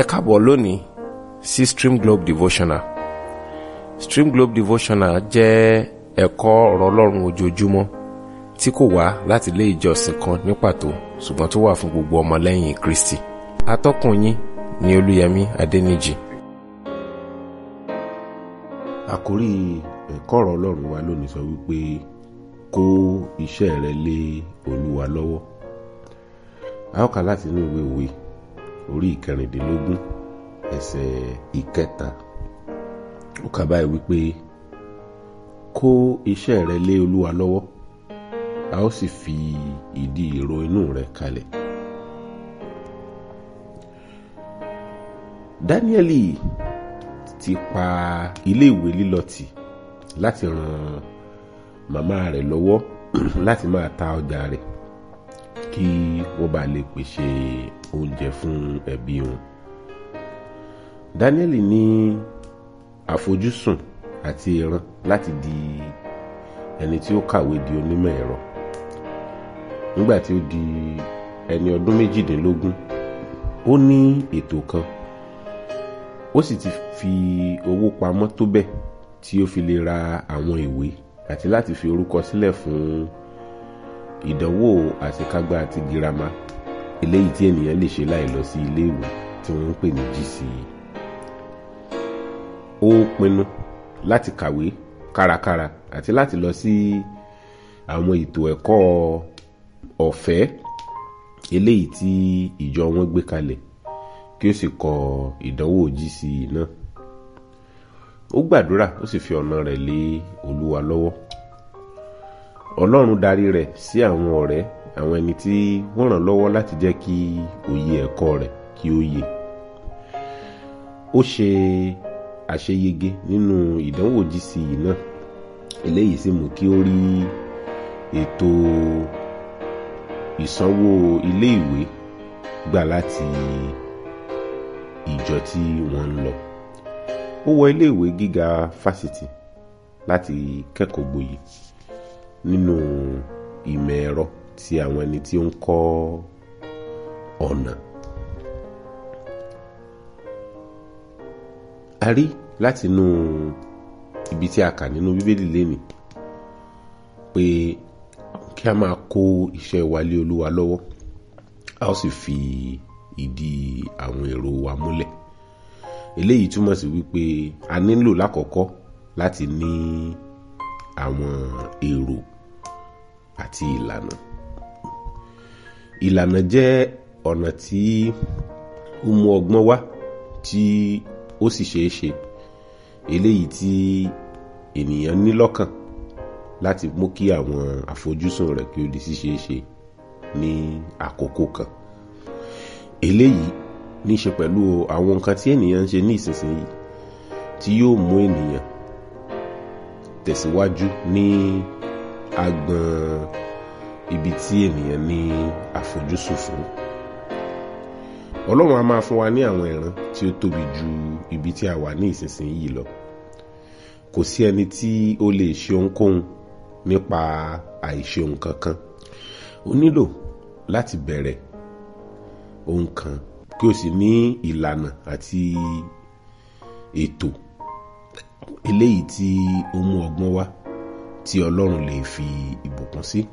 ẹ káàbọ̀ lónìí sí Stream Globe Devotional Stream Globe Devotional jẹ́ ẹ̀kọ́ ọ̀rọ̀ ọlọ́run ojoojúmọ́ tí kò wá láti ilé ìjọsìn kan ní pàtó ṣùgbọ́n tó wà fún gbogbo ọmọlẹ́yìn Kristi atọ́kùn yín ni Olúyẹmí Adẹ́nìjì. àkórí ẹ̀kọ́ ọ̀rọ̀ ọlọ́run wa lónìí sọ wípé kó iṣẹ́ rẹ lé Olúwa lọ́wọ́ a ó láti inú ìwé òwe orí ìkẹrìndínlógún ẹsẹ̀ ìkẹta ó kà báyìí wípé kó iṣẹ́ rẹ lé olúwa lọ́wọ́ a ó sì fi ìdí ìró inú rẹ kalẹ̀. dáníẹ́lì ti pa iléèwé lílọ tì láti ran màmá rẹ̀ lọ́wọ́ láti máa ta ọjà rẹ̀ kí wọ́n bá lè pèsè oúnjẹ fún ẹbí wọn. Daniel ní àfojúsùn àti ìran láti di ẹni tí ó kàwé di onímọ̀ ẹ̀rọ nígbà tí ó di ẹni ọdún méjìdínlógún ó ní ètò kan ó sì ti fi owó pamọ́ tó bẹ́ẹ̀ tí ó fi lè ra àwọn ìwé àti láti fi orúkọ sílẹ̀ fún ìdánwò àṣekágbá àti girama eléyìí tí ènìyàn lè ṣe láì lọ sí iléèwé tí wọ́n ń pè ní GCE ó pinnu láti kàwé kárakára àti láti lọ sí àwọn ètò ẹ̀kọ́ ọ̀fẹ́ eléyìí tí ìjọ wọn gbé kalẹ̀ kí ó sì kọ ìdánwò GCE náà ó gbàdúrà ó sì fi ọ̀nà rẹ̀ lé olúwa lọ́wọ́ ọlọ́run darí rẹ̀ sí àwọn ọ̀rẹ́ àwọn ẹni tí wọ́n ràn lọ́wọ́ láti jẹ́ kí òye ẹ̀kọ́ rẹ̀ kí ó yé ó ṣe àṣeyege nínú ìdánwò GCE náà eléyìí sì mú kí ó rí ètò ìsanwó iléèwé gbà láti ìjọ tí wọ́n ń lọ ó wọ iléèwé gíga fásitì láti kẹ́kọ̀ọ́ gboyè nínú ìmọ̀ ẹ̀rọ ti àwọn ẹni tí ó ń kọ́ ọ̀nà. a rí látinú ibi tí a kà nínú bíbélì lénìí pé kí a máa kó iṣẹ́ wa lé olúwa lọ́wọ́ a ó sì fi ìdí àwọn èrò wa múlẹ̀ eléyìí túmọ̀ sí wípé a nílò lákọ̀ọ́kọ́ láti ní àwọn èrò àti ìlànà ìlànà jẹ́ ọ̀nà tí ó mú ọgbọ́n wá tí ó sì ṣeé ṣe eléyìí tí ènìyàn ní lọ́kàn láti mú kí àwọn àfojúsùn rẹ̀ kí ó di ṣíṣeé ṣe ní àkókò kan eléyìí ní ṣe pẹ̀lú àwọn nǹkan tí ènìyàn ń ṣe ní ìsinsìnyí tí yóò mú ènìyàn tẹ̀síwájú ní agbọn ibi tí ènìyàn ní fojú sùfún ọlọ́run a máa fún wa ní àwọn ìran tí ó tóbi ju ibi tí a wà ní ìsinsìnyí lọ kò sí ẹni tí ó lè ṣe ohunkóhun nípa àìṣe ohun kankan ó nílò láti bẹ̀rẹ̀ ohun kan kí o sì ní ìlànà àti ètò eléyìí tí ó mú ọgbọ́n wá tí ọlọ́run lè fi ìbùkún sí. Si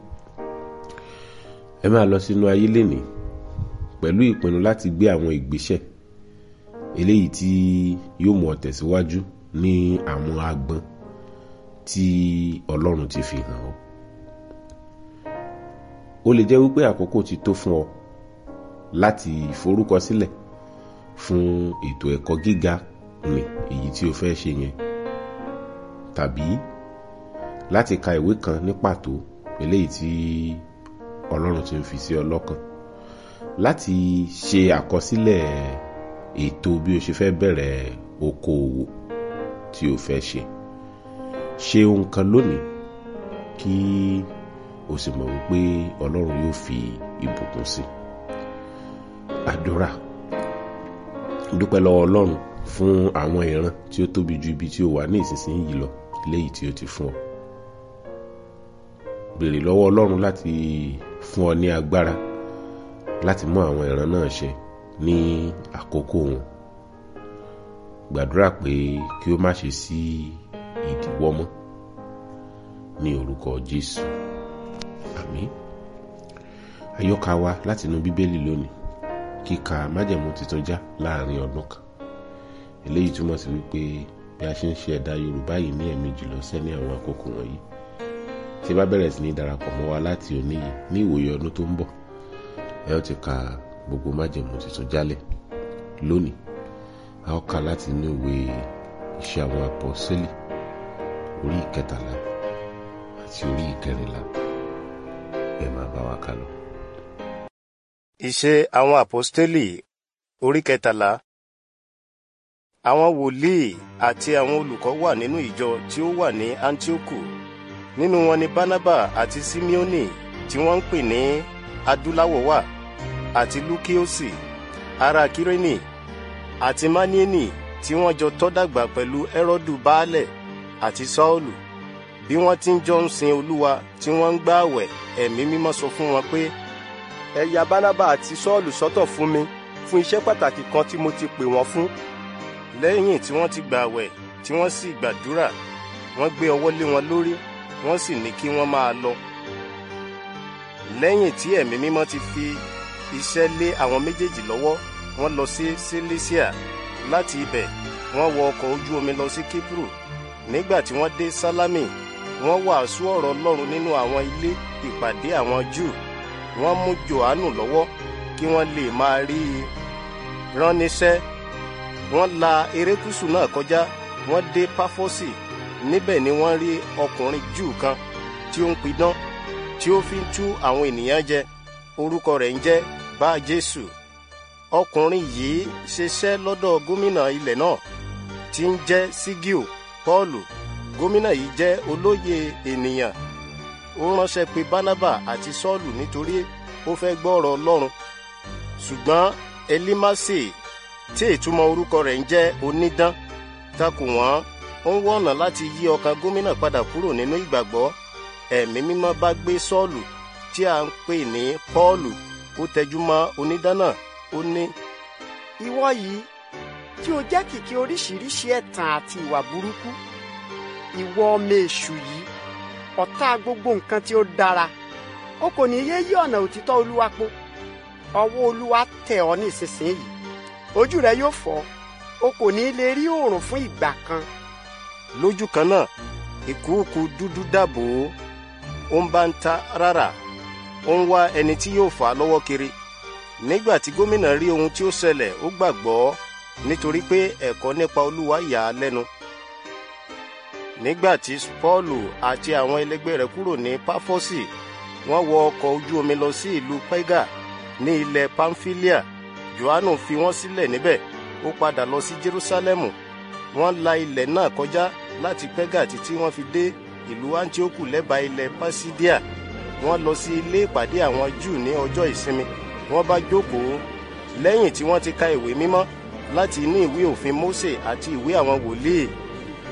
ẹ máa lọ sínú ayé lénìí pẹ̀lú ìpinnu láti gbé àwọn ìgbésẹ̀ eléyìí tí yóò mú ọ tẹ̀síwájú ní àwọn agbọn tí Ọlọ́run ti fi hàn ọ́ ó lè jẹ́ wípé àkókò ti tó fún ọ láti forúkọsílẹ̀ fún ètò ẹ̀kọ́ gíga ni èyí tí o fẹ́ ṣe yẹn tàbí láti ka ìwé kan ní pàtó eléyìí tí ọlọ́run ti ń fi sí ọlọ́kàn láti ṣe àkọsílẹ̀ ètò bí o ṣe fẹ́ bẹ̀rẹ̀ okoòwò tí o fẹ́ ṣe ṣe ohun kan lónìí kí o sì mọ̀ wípé ọlọ́run yóò fi ìbùkún sí àdúrà dúpẹ́ lọ́wọ́ ọlọ́run fún àwọn ìran tí ó tóbi ju ibi tí o wà ní ìsinsìnyí lọ léyìí tí o ti fún ọ béèrè lọ́wọ́ ọlọ́run láti fún ọ ní agbára láti mú àwọn ìran náà ṣe ní àkókò wọn gbàdúrà pé kí ó má ṣe sí ìdíwọ́ mọ́ ní orúkọ Jésù àmín àyọkà wa látinú bíbélì lónìí kíka májẹ̀mú tuntun já láàrin ọdún kan eléyìí túmọ̀ sí wípé bí a ṣe ń ṣe ẹ̀dá Yorùbá yìí ní ẹ̀mejì lọ́sẹ̀ ní àwọn àkókò wọ̀nyí tí bá bẹ̀rẹ̀ sí ní darapọ̀ mọ́ wa láti òní yìí ní ìwòye ọdún tó ń bọ̀ ẹ ó ti ka gbogbo májèmú tuntun jálẹ̀ lónìí a ó kà láti inú ìwé iṣẹ́ àwọn apọ́sẹ́lì orí ìkẹtàlá àti orí ìkẹrìnlá ẹ máa bá wa kà lọ. iṣẹ́ àwọn apọ́sẹ́lì orí kẹtàlá àwọn wòlíì àti àwọn olùkọ́ wà nínú ìjọ tí ó wà ní Antioku nínú wọn ni barnaba àti simeoni tí wọ́n ń pè ní adúláwọ̀ wà àti lukiosi ara kireni àti manieni tí wọ́n jọ tọ́ dàgbà pẹ̀lú ẹrọ́dù baálẹ̀ àti saulu bí wọ́n ti ń jọ ń sin olúwa tí wọ́n ń gbààwẹ̀ ẹ̀mí mímọ́ sọ fún wọn pé. ẹ ya barnaba àti saulu sọ́tọ̀ fún mi fún iṣẹ́ pàtàkì kan tí mo ti pè wọ́n fún. lẹ́yìn tí wọ́n ti gbààwẹ̀ tí wọ́n sì gbàdúrà wọ́n gbé ọwọ́ lé wọn lórí wọ́n sì ní kí wọ́n máa lọ. lẹ́yìn tí ẹ̀mí mímọ́ ti fi iṣẹ́ lé àwọn méjèèjì lọ́wọ́ wọ́n lọ sí Silisia láti ibẹ̀ wọ́n wọ ọkọ̀ ojú omi lọ sí Kipru nígbà tí wọ́n dé Sálámì wọ́n wàásù ọ̀rọ̀ Ọlọ́run nínú àwọn ilé ìpàdé àwọn Júù wọ́n mú Jòhánù lọ́wọ́ kí wọ́n lè máa rí i rán níṣẹ́ wọ́n la erékùṣù náà kọjá wọ́n dé Páfọ́sì níbẹ̀ ni wọ́n rí ọkùnrin júù kan tí ó ń pidán tí ó fi ń tú àwọn ènìyàn jẹ orúkọ rẹ̀ ń jẹ́ bá jésù ọkùnrin yìí ṣiṣẹ́ lọ́dọ̀ gómìnà ilẹ̀ náà tí ń jẹ́ sigio paul gómìnà yìí jẹ́ olóyè ènìyàn ó ránṣẹ́ pé bánábà àti sọ́ọ̀lù nítorí ó fẹ́ gbọ́ ọlọ́run ṣùgbọ́n elimase tí ìtumọ̀ orúkọ rẹ̀ ń jẹ́ onídán takò wọ́n ó ń wá ọ̀nà láti yí ọkàn gómìnà padà kúrò nínú ìgbàgbọ́ ẹ̀mí mímọ́ bá gbé sọ́ọ̀lù tí a ń pè ní pọ́ọ̀lù ó tẹjú mọ́ onídánà ó ní. ìwọ yìí tí o jẹ́ kìkì oríṣiríṣi ẹ̀tàn àti ìwà burúkú ìwọ ọmọ èṣù yìí ọ̀tá gbogbo nǹkan tí ó dára o kò ní yé yí ọ̀nà òtítọ́ olúwa po ọwọ́ olúwa tẹ̀ ọ́ ní ìsinsìnyí ojú rẹ yóò fọ́ o kò ní lè rí oòrùn fún ìgbà kan lójú kan náà ìkúùkù dúdú dàbò ó ń bá ń ta rárá ó ń wá ẹni tí yóò fà á lọ́wọ́ kiri nígbà tí gómìnà rí ohun tí ó ṣẹlẹ̀ ó gbàgbọ́ nítorí pé ẹ̀kọ́ nípa olúwa yà á lẹ́nu nígbà tí Pọ́ọ̀lù àti àwọn ẹlẹgbẹ́ rẹ̀ kúrò ní Páfọ́sì wọ́n wọ ọkọ̀ ojú omi lọ sí ìlú Pẹ́gà ní ilẹ̀ Pamfilia Jòhánù fi wọ́n sílẹ̀ níbẹ̀ ó padà lọ sí Jerúsálẹ́mù wọ́n la ilẹ̀ náà kọjá láti pẹ́gà títí wọ́n fi dé ìlú antioku lẹ́bàá ilẹ̀ pásídíà wọ́n lọ sí ilé ìpàdé àwọn júù ní ọjọ́ ìsinmi wọ́n bá jókòó lẹ́yìn tí wọ́n ti ka ìwé mímọ́ láti inú ìwé òfin mósè àti ìwé àwọn wòlíì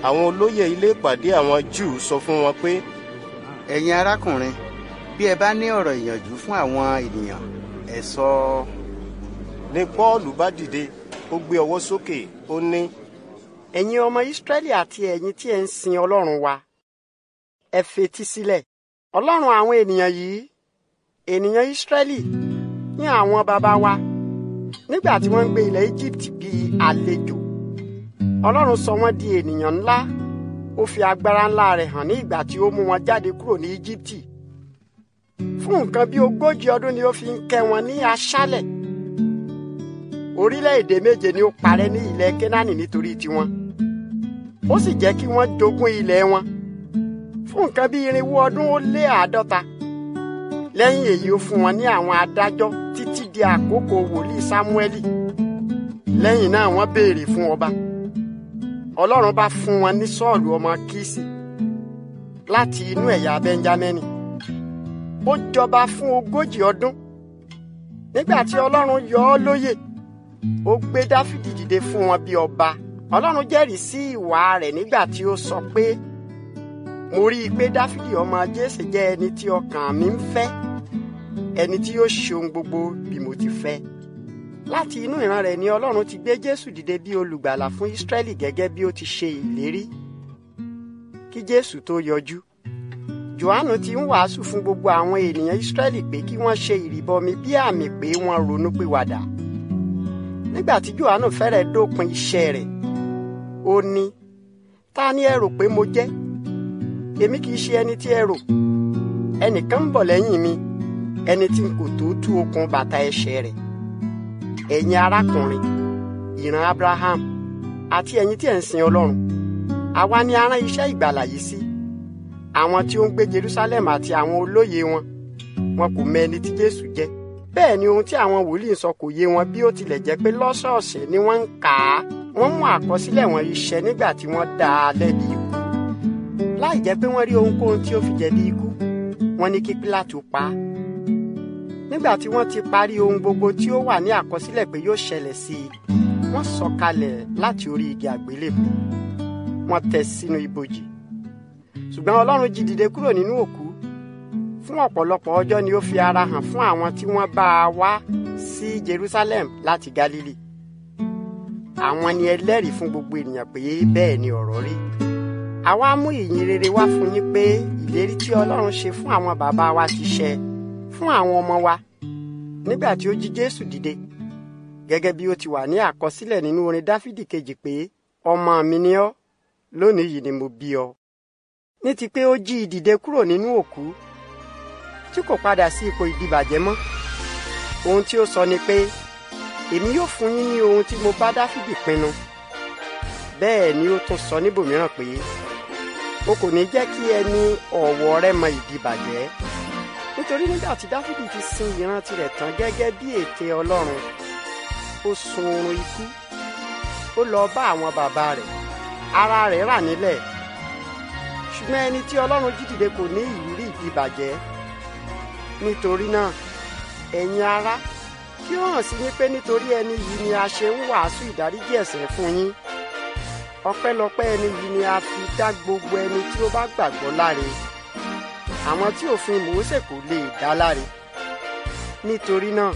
àwọn olóyè ilé ìpàdé àwọn júù sọ fún wọn pé. ẹ̀yin arákùnrin bí ẹ bá ní ọ̀rọ̀ ìyànjú fún àwọn ènìyàn ẹ sọ. ni paul bá dìde ó gbé ọwọ́ sókè ó ní ẹ̀yin ọmọ Ísírẹ́lì àti ẹ̀yin tí ẹ̀ ń sin Ọlọ́run wa ẹ fetí sílẹ̀ Ọlọ́run àwọn ènìyàn yìí ènìyàn Ísírẹ́lì ní àwọn baba wa nígbà tí wọ́n ń gbé ilẹ̀ Egypt bíi àlejò Ọlọ́run sọ wọ́n di ènìyàn ńlá ó fi agbára ńlá rẹ̀ hàn ní ìgbà tí ó mú wọn jáde kúrò ní Egypt fún nǹkan bí ogójì ọdún ni ó fi ń kẹ́ wọn ní aṣálẹ̀ orílẹ̀-èdè méje ni ó parẹ́ ní ilẹ̀ Kénáánì nítorí tiwọn ó sì jẹ́ kí wọ́n jogún ilẹ̀ wọn fún nǹkan bí irinwó ọdún ó lé àádọ́ta lẹ́yìn èyí ó fún wọn ní àwọn adájọ́ títí di àkókò wòlíì Sámúẹ́lì lẹ́yìn náà wọ́n béèrè fún ọba Ọlọ́run bá fún wọn ní Sọ́ọ̀lù ọmọ Kíṣì láti inú ẹ̀yà Bẹ́ńjámínì ó jọba fún ogójì ọdún nígbà tí Ọlọ́run yọ ọ́ lóyè ó gbé dáfídì dìde fún wọn bí ọba ọlọ́run jẹ́rìí sí ìwà rẹ̀ nígbà tí ó sọ pé mo rí i pé dáfídì ọmọ jésè jẹ́ ẹni tí ọkàn mi ń fẹ́ ẹni tí yóò ṣe ohun gbogbo bí mo ti fẹ́ láti inú ìran rẹ̀ ni ọlọ́run ti gbé jésù dìde bí olùgbàlà fún ísírẹ́lì gẹ́gẹ́ bí ó ti ṣe ìlérí kí jésù tó yọjú johannu ti ń wàásù fún gbogbo àwọn ènìyàn ísírẹ́lì pé kí wọ́n ṣe ìrìbọmi bí àmì pé wọ́n ronú pìwàdà nígbà tí Jòhánù fẹ́rẹ̀ dópin iṣẹ́ rẹ̀ ó ní ta ni ẹ rò pé mo jẹ́ èmi kì í ṣe ẹni tí ẹ rò ẹnìkan ń bọ̀ lẹ́yìn mi ẹni tí n kò tó tú okùn bàtà ẹsẹ̀ rẹ̀ ẹ̀yin arákùnrin ìran Abraham àti ẹ̀yin tí ẹ̀ ń sin Ọlọ́run àwa ni a rán iṣẹ́ ìgbàlà yìí sí àwọn tí ó ń gbé Jerusalem àti àwọn olóyè wọn wọn kò mọ ẹni tí Jésù jẹ́ bẹ́ẹ̀ ni ohun tí àwọn wòlíì ń sọ kò yé wọn bí ó tilẹ̀ jẹ́ pé lọ́sọ̀ọ̀sẹ̀ ni wọ́n ń kà á wọ́n mú àkọsílẹ̀ wọn yìí nígbà tí wọ́n dá a lẹ́bi ikú láì jẹ́ pé wọ́n rí ohunkóhun tí ó fi jẹ̀bi ikú wọ́n ní kí Pílátù pa á nígbà tí wọ́n ti parí ohun gbogbo tí ó wà ní àkọsílẹ̀ pé yóò ṣẹlẹ̀ sí i wọ́n sọ̀kalẹ̀ láti orí igi àgbélébùú wọ́n tẹ̀ sínú ibojì ṣùgbọ́n Ọlọ́run jí dìde kúrò nínú òkú fún ọ̀pọ̀lọpọ̀ ọjọ́ ni ó fi ara hàn fún àwọn tí wọ́n bá a wá sí Jerusalem láti Galili àwọn ni ẹlẹ́rìí fún gbogbo ènìyàn pé bẹ́ẹ̀ ni ọ̀rọ̀ rí àwa mú ìyìn rere wá fún yín pé ìlérí tí Ọlọ́run ṣe fún àwọn bàbá wa ti ṣẹ fún àwọn ọmọ wa nígbà tí ó jí Jésù dìde gẹ́gẹ́ bí ó ti wà ní àkọsílẹ̀ nínú orin Dáfídì kejì pé ọmọ mi ni ọ́ lónìí yìí ni mo bí ọ ní ti pé ó jí i dìde kúrò nínú òkú tí kò padà sí ipò ìdíbàjẹ́ mọ́ ohun tí ó sọ ni pé èmi yóò fún yín ní ohun tí mo bá dáfídì pinnu bẹ́ẹ̀ ni ó tún sọ níbòmíràn pé o kò ní jẹ́ kí ẹni ọ̀wọ̀ rẹ mọ ìdíbàjẹ́ nítorí nígbà tí dáfídì ti sin ìran tirẹ̀ tán gẹ́gẹ́ bí ète ọlọ́run ó sun oorun ikú ó lọ bá àwọn bàbá rẹ̀ ara rẹ̀ rà nílẹ̀ ṣùgbọ́n ẹni tí ọlọ́run jí dìde kò ní ìrírí ìdíbàjẹ́ nítorí náà ẹ̀yin ará kí ó hàn sí yín pé nítorí ẹni yìí ni a ṣe ń wàásù ìdáríjì ẹ̀ṣẹ̀ fún yín ọpẹ́lọpẹ́ ẹni yìí ni a fi dá gbogbo ẹni tí ó bá gbàgbọ́ láre àwọn tí òfin Mósè kò lè dá láre nítorí náà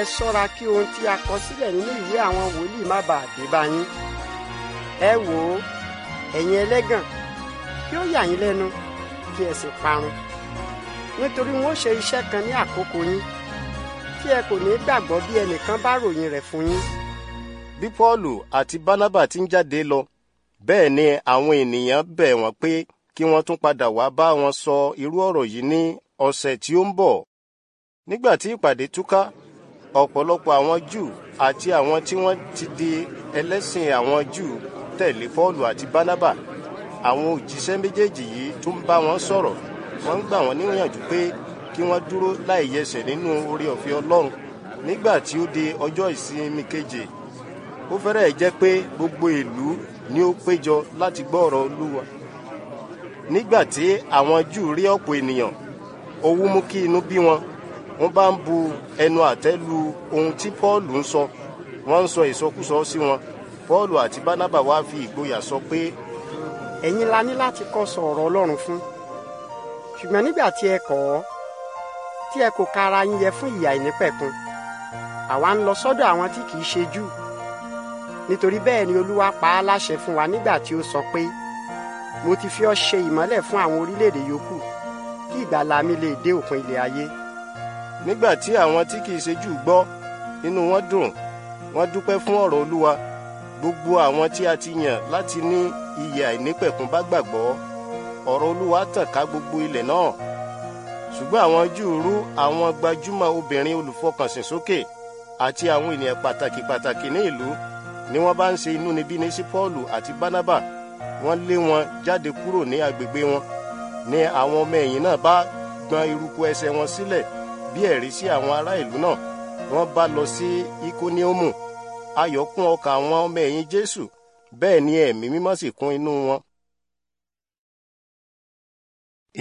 ẹ ṣọ́ra kí ohun tí a kọ sílẹ̀ nínú ìwé àwọn wòlíì má bàa dé bá yín ẹ wò ó ẹ̀yin ẹlẹ́gàn kí ó yà yín lẹ́nu kí ẹ sì parun nítorí wọn ó ṣe iṣẹ́ kan ní àkókò yín tí ẹ kò ní gbàgbọ́ bí ẹnìkan bá ròyìn rẹ̀ fún yín. bí pọ́ọ̀lù àti bánábà ti ń jáde lọ bẹ́ẹ̀ ni àwọn ènìyàn bẹ̀ wọ́n pé kí wọ́n tún padà wá bá wọn sọ irú ọ̀rọ̀ yìí ní ọ̀sẹ̀ tí ó ń bọ̀. nígbà tí ìpàdé túká ọ̀pọ̀lọpọ̀ àwọn júù àti àwọn tí wọ́n ti di ẹlẹ́sìn àwọn júù tẹ̀lé pọ́ọ̀lù àti bánábà àwọn òjíṣẹ́ méjèèjì yìí tún bá wọn sọ̀rọ̀ wọ́n ń gbà wọ́n níyànjú pé kí wọ́n dúró láì yẹsẹ̀ nínú orí ọ̀fẹ́ Ọlọ́run nígbà tí ó di ọjọ́ ìsinmi keje ó fẹ́rẹ̀ jẹ́ pé gbogbo ìlú ni ó péjọ láti gbọ́ ọ̀rọ̀ Olúwa nígbà tí àwọn Júù rí ọ̀pọ̀ ènìyàn owú mú kí inú bí wọn wọ́n bá ń bu ẹnu àtẹ́ lu ohun tí Pọ́ọ̀lù ń sọ wọ́n ń sọ ìsọkúsọ sí wọn Pọ́ọ̀lù àti Bánábà wá fi ìgboyà sọ pé. ẹ̀yin la ní láti kọ́ sọ ọ̀rọ̀ Ọlọ́run fún ṣùgbọ́n nígbà tí ẹ kọ̀ ọ́ tí ẹ kò ka ara yín yẹ fún ìyà ìnípẹ̀kun àwa ń lọ sọ́dọ̀ àwọn tí kìí ṣe Júù nítorí bẹ́ẹ̀ ni Olúwa pa á láṣẹ fún wa nígbà tí ó sọ pé mo ti fi ọ́ ṣe ìmọ́lẹ̀ fún àwọn orílẹ̀-èdè yòókù kí ìgbàlà mi lè dé òpin ilẹ̀ ayé. nígbà tí àwọn tí kìí ṣe Júù gbọ́ inú wọn dùn wọ́n dúpẹ́ fún ọ̀rọ̀ Olúwa gbogbo àwọn tí a ti yàn láti ní ìyè àìnípẹ̀kun bá gbàgbọ́ ọ̀rọ̀ olúwa tàn ká gbogbo ilẹ̀ náà ṣùgbọ́n àwọn júù rú àwọn gbajúmọ̀ obìnrin olùfọkànsìn sókè àti àwọn ènìyàn pàtàkì pàtàkì ní ìlú ni wọ́n bá ń ṣe inúnibíni sí Pọ́ọ̀lù àti Bánábà wọ́n lé wọn jáde kúrò ní agbègbè wọn ni àwọn ọmọ ẹ̀yìn náà bá gbọn eruku ẹsẹ̀ wọn sílẹ̀ bí ẹ̀rí sí àwọn ará ìlú náà wọ́n bá lọ sí Ikoniomu ayọ̀ kún ọkàn àwọn ọmọ ẹ̀yìn Jésù bẹ́ẹ̀ ni ẹ̀mí mímọ́ sì kún inú wọn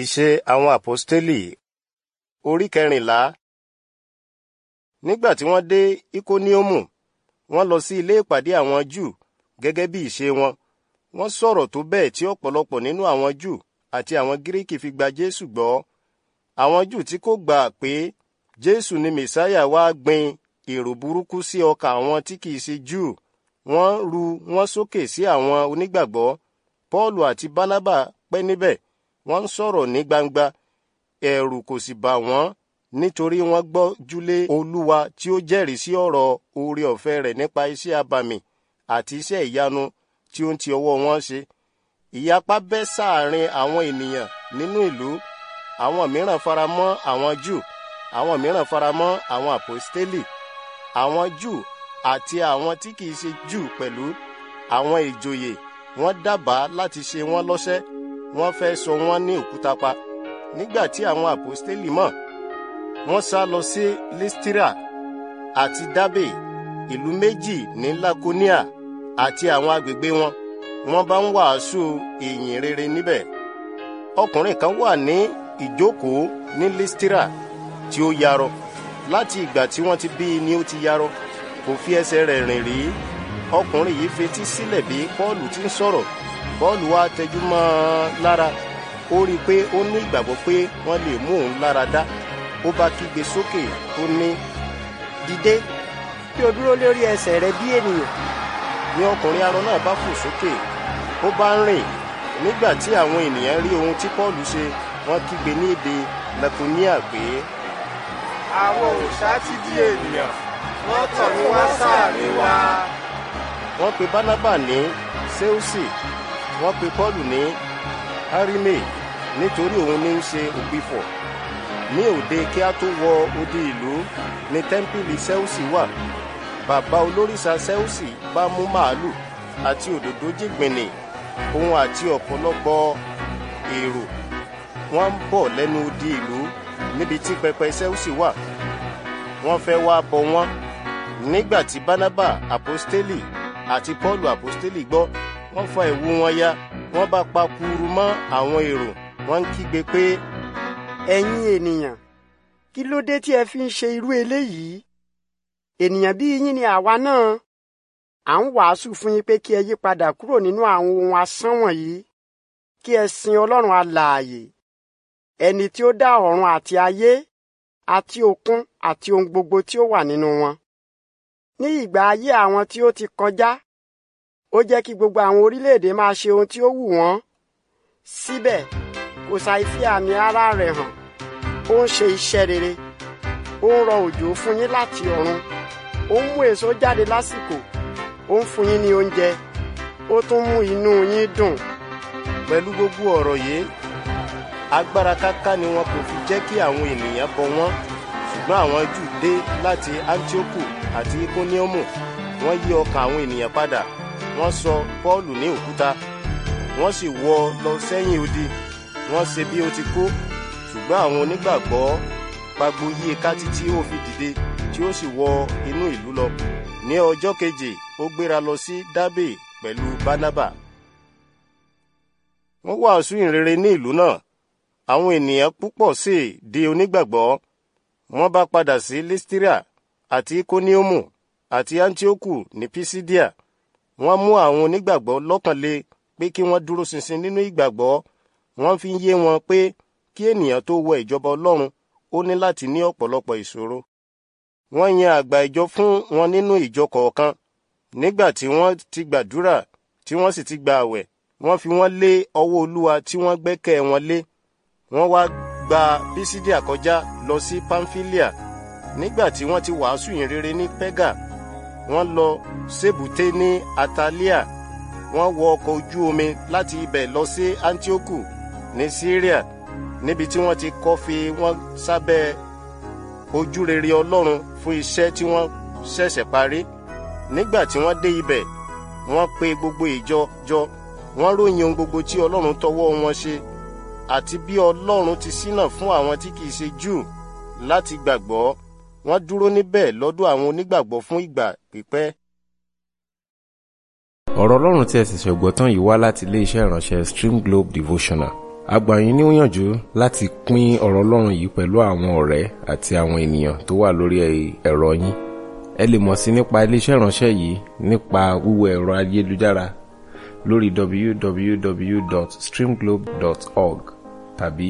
Ìṣe àwọn àpọ́stélì orí kẹrìnlá. Nígbà tí wọ́n dé Ikoníómù, wọ́n lọ sí ilé ìpàdé àwọn Júù gẹ́gẹ́ bí ìṣe wọn. Wọ́n sọ̀rọ̀ tó bẹ́ẹ̀ tí ọ̀pọ̀lọpọ̀ nínú àwọn Júù àti àwọn Gíríkì fi gba Jésù gbọ́. Àwọn Júù tí kò gbà pé Jésù ni Mèsáyà wá gbin èrò burúkú sí ọkà àwọn tí kìí ṣe Júù. Wọ́n ru wọ́n sókè sí àwọn onígbàgbọ́. Pọ́ọ̀lù àti Bánábà pẹ́ níbẹ̀ wọ́n ń sọ̀rọ̀ ní gbangba ẹ̀rù kò sì bà wọ́n nítorí wọ́n gbọ́júlé olúwa tí ó jẹ́rìí sí ọ̀rọ̀ oore ọ̀fẹ́ rẹ̀ nípa iṣẹ́ abàmì àti iṣẹ́ ìyanu tí ó ń ti ọwọ́ wọn ṣe ìyapa bẹ́ sáàrin àwọn ènìyàn nínú ìlú àwọn mìíràn faramọ́ àwọn Júù àwọn mìíràn faramọ́ àwọn àpòstélì àwọn Júù àti àwọn tí kìí ṣe Júù pẹ̀lú àwọn ìjòyè wọ́n dábàá láti ṣe wọ́n lọ́ṣẹ́ wọ́n fẹ́ sọ wọ́n ní òkúta pa nígbà tí àwọn àpòstélì mọ̀ wọ́n sá lọ sí lístírà àti dábè ìlú méjì ní lakonia àti àwọn agbègbè wọn wọ́n bá ń wàásù ìyìn rere níbẹ̀ ọkùnrin kan wà ní ìjókòó ní lístírà tí ó yarọ láti ìgbà tí wọ́n ti bí i ni ó ti yarọ kò fi ẹsẹ̀ rẹ̀ rìn rí ọkùnrin yìí fetí sílẹ̀ bí Pọ́ọ̀lù ti ń sọ̀rọ̀ Pọ́ọ̀lù wá tẹjú mọ́ ọ lára ó rí i pé ó ní ìgbàgbọ́ pé wọ́n lè mú òun lára dá ó bá kígbe sókè tó ní. dìde kí o dúró lórí ẹsẹ̀ rẹ bí ènìyàn ni ọkùnrin arọ náà bá fò sókè ó bá ń rìn nígbà tí àwọn ènìyàn rí ohun tí Pọ́ọ̀lù ṣe wọ́n kígbe ní èdè lakonia pé. àwọn òòṣà ti di ènìyàn wọ́n tọ̀ mí wá sáàrin wa. wọ́n pe Bánábà ní Séúsì wọ́n pe Pọ́ọ̀lù ní arímè nítorí òun ní í ṣe ògbìfọ̀ ní òde kí a tó wọ odi ìlú ní tẹ́ḿpìlì sẹ́ùsì wà bàbá olórìṣà sẹ́ùsì bá mú màálù àti òdòdó jìgbìnì òun àti ọ̀pọ̀lọpọ̀ èrò wọ́n ń bọ̀ lẹ́nu odi ìlú níbi tí pẹpẹ sẹ́ùsì wà wọ́n fẹ́ wá bọ wọ́n nígbà tí Bánábà àpọ́stélì àti Pọ́ọ̀lù àpọ́stélì gbọ́ wọ́n fa ìwo wọn ya wọ́n bá pa kúrú mọ́ àwọn èrò wọ́n ń kígbe pé. ẹ̀yin ènìyàn kí ló dé tí ẹ fi ń ṣe irú eléyìí ènìyàn bí yín ni àwa náà à ń wàásù fún yín pé kí ẹ yí padà kúrò nínú àwọn ohun asán wọ̀nyí kí ẹ sin ọlọ́run alààyè ẹni tí ó dá ọ̀run àti ayé àti òkun àti ohun gbogbo tí ó wà nínú wọn. ní ìgbà ayé àwọn tí ó ti kọjá ó jẹ́ kí gbogbo àwọn orílẹ̀-èdè máa ṣe ohun tí ó wù wọ́n síbẹ̀ kò ṣàì fi àmì ara rẹ̀ hàn ó ń ṣe iṣẹ́ rere ó ń rọ òjò fún yín láti ọ̀run ó ń mú èso jáde lásìkò ó ń fún yín ní oúnjẹ ó tún mú inú yín dùn. pẹ̀lú gbogbo ọ̀rọ̀ yìí agbára káká ni wọn kò fi jẹ́ kí àwọn ènìyàn bọ wọ́n ṣùgbọ́n àwọn Júù dé láti Áńtíókù àti Ikoniọmù wọ́n yí ọkàn àwọn ènìyàn padà wọ́n sọ Pọ́ọ̀lù ní òkúta wọ́n sì wọ́ ọ lọ sẹ́yìn odi wọ́n ṣe bí ó ti kú ṣùgbọ́n àwọn onígbàgbọ́ pagbo yí i ká títí ó fi dìde tí ó sì wọ inú ìlú lọ ní ọjọ́ keje ó gbéra lọ sí Dábè pẹ̀lú Bánábà wọ́n wàásù ìrere ní ìlú náà àwọn ènìyàn púpọ̀ sì di onígbàgbọ́ wọ́n bá padà sí Lístíríà àti Kóníómù àti Áńtíókù ní Písídíà wọ́n mú àwọn onígbàgbọ́ lọ́kànlé pé kí wọ́n dúró ṣinṣin nínú ìgbàgbọ́ wọ́n fi ń yé wọn pé kí ènìyàn tó wọ ìjọba Ọlọ́run ó ní láti ní ọ̀pọ̀lọpọ̀ ìṣòro. wọ́n yan àgbà ìjọ fún wọn nínú ìjọ kọ̀ọ̀kan nígbà tí wọ́n ti gbàdúrà tí wọ́n sì ti gba àwẹ̀ wọ́n fi wọ́n lé ọwọ́ Olúwa tí wọ́n gbẹ́kẹ̀ wọn lé wọ́n wá gba Pisidia kọjá lọ sí Pamfilia nígbà tí wọ́n ti wàásù yìn wọ́n lọ sébùté ní atalia wọ́n wọ ọkọ̀ ojú omi láti ibẹ̀ lọ sí antioku ní syria níbi tí wọ́n ti kọ́ fi wọ́n sábẹ́ ojúrere ọlọ́run fún iṣẹ́ tí wọ́n ṣẹ̀ṣẹ̀ parí nígbà tí wọ́n dé ibẹ̀ wọ́n pe gbogbo ìjọ jọ wọ́n ròyìn ohun gbogbo tí ọlọ́run tọwọ́ wọn ṣe àti bí ọlọ́run ti ṣínà fún àwọn tí kìí ṣe júù láti gbàgbọ́ wọ́n dúró níbẹ̀ lọ́dọ̀ àwọn onígbàgbọ́ fún ìgbà pípẹ́. ọ̀rọ̀ ọlọ́run tí ẹ sì ṣẹ̀gbọ́ tán yìí wá láti iléeṣẹ́ ìránṣẹ́ Stream Globe Devotional a gbà yín níyànjú láti pín ọ̀rọ̀ ọlọ́run yìí pẹ̀lú àwọn ọ̀rẹ́ àti àwọn ènìyàn tó wà lórí ẹ̀rọ yín ẹ lè mọ̀ sí nípa iléeṣẹ́ ìránṣẹ́ yìí nípa wíwọ ẹ̀rọ ayélujára lórí www.streamglobe.org tàbí